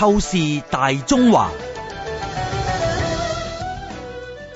透視大中華，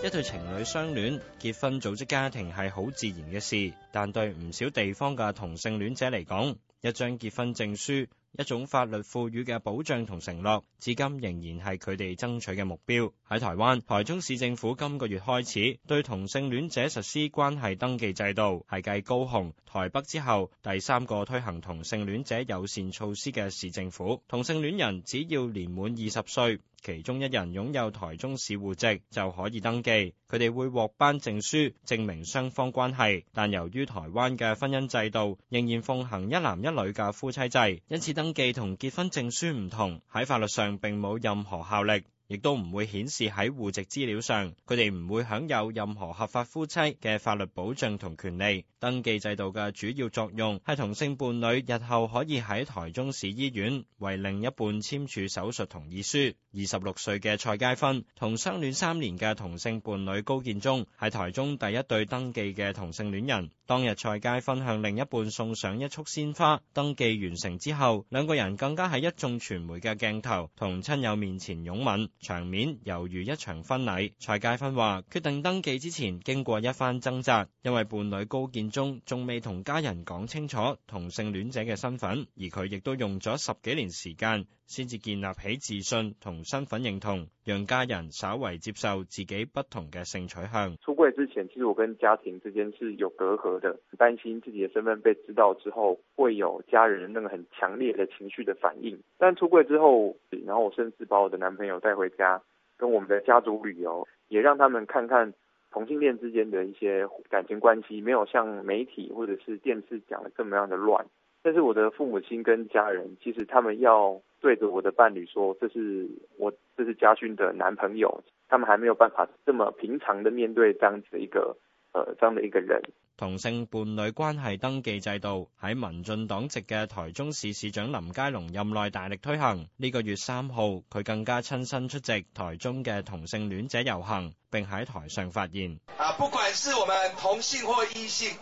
一對情侶相戀結婚組織家庭係好自然嘅事，但對唔少地方嘅同性戀者嚟講。一張結婚證書，一種法律賦予嘅保障同承諾，至今仍然係佢哋爭取嘅目標。喺台灣，台中市政府今個月開始對同性戀者實施關係登記制度，係繼高雄、台北之後第三個推行同性戀者友善措施嘅市政府。同性戀人只要年滿二十歲，其中一人擁有台中市戶籍就可以登記，佢哋會獲頒證書證明雙方關係。但由於台灣嘅婚姻制度仍然奉行一男一女嘅夫妻制，因此登記同結婚證書唔同，喺法律上並冇任何效力。亦都唔會顯示喺戶籍資料上，佢哋唔會享有任何合法夫妻嘅法律保障同權利。登記制度嘅主要作用係同性伴侶日後可以喺台中市醫院為另一半簽署手術同意書。二十六歲嘅蔡佳芬同相戀三年嘅同性伴侶高建忠係台中第一對登記嘅同性戀人。當日蔡佳芬向另一半送上一束鮮花，登記完成之後，兩個人更加喺一眾傳媒嘅鏡頭同親友面前擁吻。場面猶如一場婚禮。蔡佳芬話：決定登記之前，經過一番掙扎，因為伴侶高建忠仲未同家人講清楚同性戀者嘅身份，而佢亦都用咗十幾年時間先至建立起自信同身份認同。讓家人稍微接受自己不同嘅性取向。出櫃之前，其實我跟家庭之間是有隔閡的，擔心自己嘅身份被知道之後，會有家人的那個很強烈的情緒的反應。但出櫃之後，然後我甚至把我的男朋友帶回家，跟我們的家族旅遊，也讓他們看看同性戀之間的一些感情關係，沒有像媒體或者是電視講得咁樣嘅亂。但是我的父母親跟家人，其實他們要對着我的伴侶說，這是我，這是家俊的男朋友，他們還沒有辦法這麼平常的面對這樣子一個呃這樣的一個人。同性伴侶關係登記制度喺民進黨籍嘅台中市市長林佳龍任內大力推行。呢個月三號，佢更加親身出席台中嘅同性戀者遊行，並喺台上發言。啊，不管是我們同性或異性，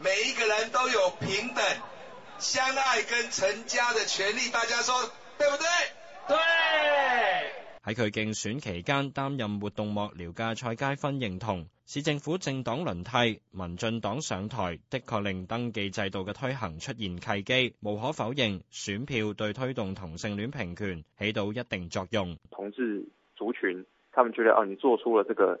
每一個人都有平等相愛跟成家的權利，大家說對唔對？對。喺佢競選期間擔任活動幕僚嘅蔡佳芬認同，市政府政黨輪替，民進黨上台，的確令登記制度嘅推行出現契機。無可否認，選票對推動同性戀平權起到一定作用。同志族群，他們覺得哦，你做出了這個。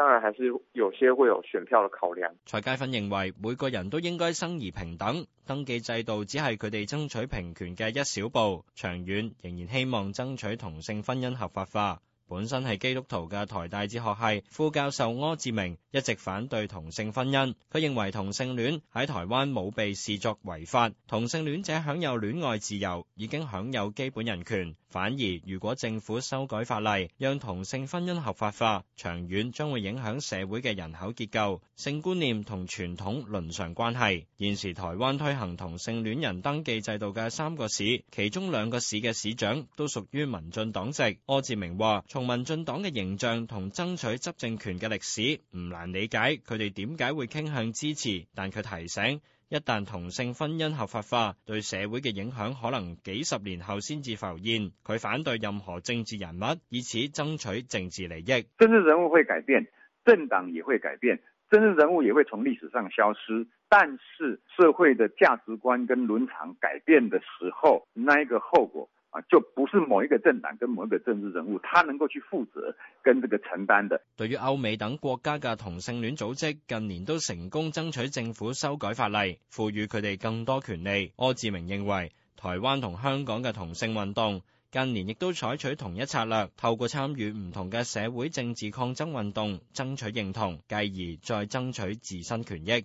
當然，還是有些會有選票的考量。蔡佳芬認為每個人都應該生而平等，登記制度只係佢哋爭取平權嘅一小步，長遠仍然希望爭取同性婚姻合法化。本身係基督徒嘅台大哲學系副教授柯志明一直反對同性婚姻，佢認為同性戀喺台灣冇被視作違法，同性戀者享有戀愛自由，已經享有基本人權。反而如果政府修改法例，讓同性婚姻合法化，長遠將會影響社會嘅人口結構、性觀念同傳統倫常關係。現時台灣推行同性戀人登記制度嘅三個市，其中兩個市嘅市長都屬於民進黨籍。柯志明話。同民進黨嘅形象同爭取執政權嘅歷史唔難理解，佢哋點解會傾向支持。但佢提醒，一旦同性婚姻合法化，對社會嘅影響可能幾十年後先至浮現。佢反對任何政治人物，以此爭取政治利益。政治人物會改變，政黨也會改變，政治人物也會從歷史上消失。但是社會的價值觀跟倫常改變的時候，那一個後果？啊，就不是某一個政黨跟某一個政治人物，他能夠去負責跟這個承擔的。對於歐美等國家嘅同性戀組織，近年都成功爭取政府修改法例，賦予佢哋更多權利。柯志明認為，台灣同香港嘅同性運動近年亦都採取同一策略，透過參與唔同嘅社會政治抗爭運動，爭取認同，繼而再爭取自身權益。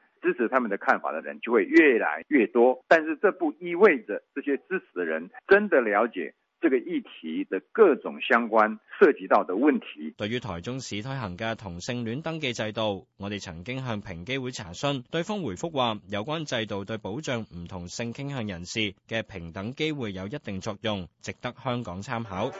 支持他們的看法的人就會越來越多，但是這不意味着這些支持的人真的了解這個議題的各種相關涉及到的問題。對於台中市推行嘅同性戀登記制度，我哋曾經向平機會查詢，對方回覆話，有關制度對保障唔同性傾向人士嘅平等機會有一定作用，值得香港參考。